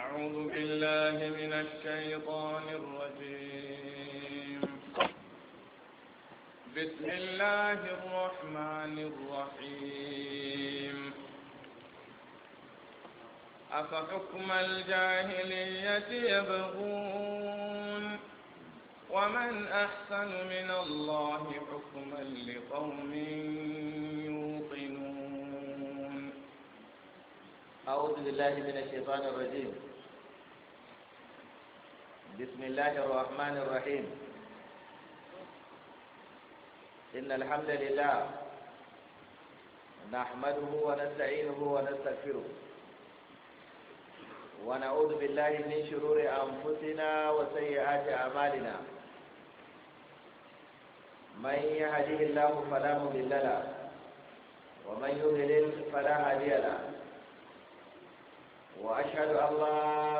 أعوذ بالله من الشيطان الرجيم بسم الله الرحمن الرحيم أفحكم الجاهلية يبغون ومن أحسن من الله حكما لقوم يوقنون أعوذ بالله من الشيطان الرجيم بسم الله الرحمن الرحيم إن الحمد لله نحمده ونستعينه ونستغفره ونعوذ بالله من شرور أنفسنا وسيئات أعمالنا من يهديه الله فلا مضل له ومن يضلل فلا هادي له وأشهد أن لا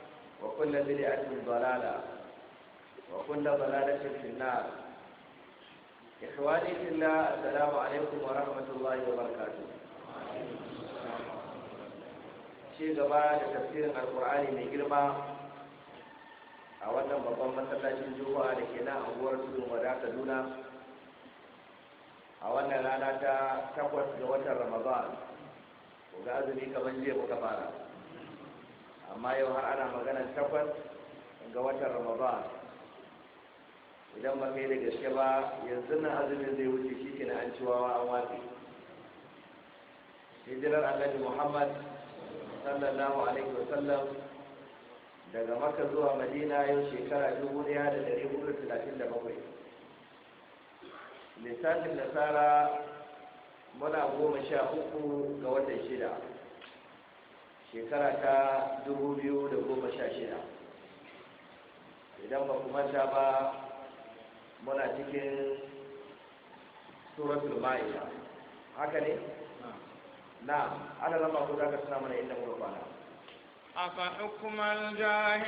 وكل بدعة ضلالة وكل ضلالة في النار إخواني في الله السلام عليكم ورحمة الله وبركاته ci gaba da tafsirin alkur'ani mai girma a wannan babban masallacin juma'a da ke nan anguwar tudun wada kaduna a wannan rana ta takwas ga watan ramadan ko ga azumi kamar jiya muka fara amma yau har ana magana takwas ga watan ramadan idan ba kai da gaske ba yanzu na azumin zai wuce shi ke na an ciwawa an watsi hijirar annabi muhammad sallallahu alaihi wasallam daga maka zuwa madina yau shekara dubu da da da hudu talatin bakwai. lissafin nasara muna goma sha uku ga watan shida shekara ta dubu biyu da goma sha shida. idan ba kuma ta ba muna cikin suratul ma'ida haka ne na ana zama ku za ka suna mana inda muka kwana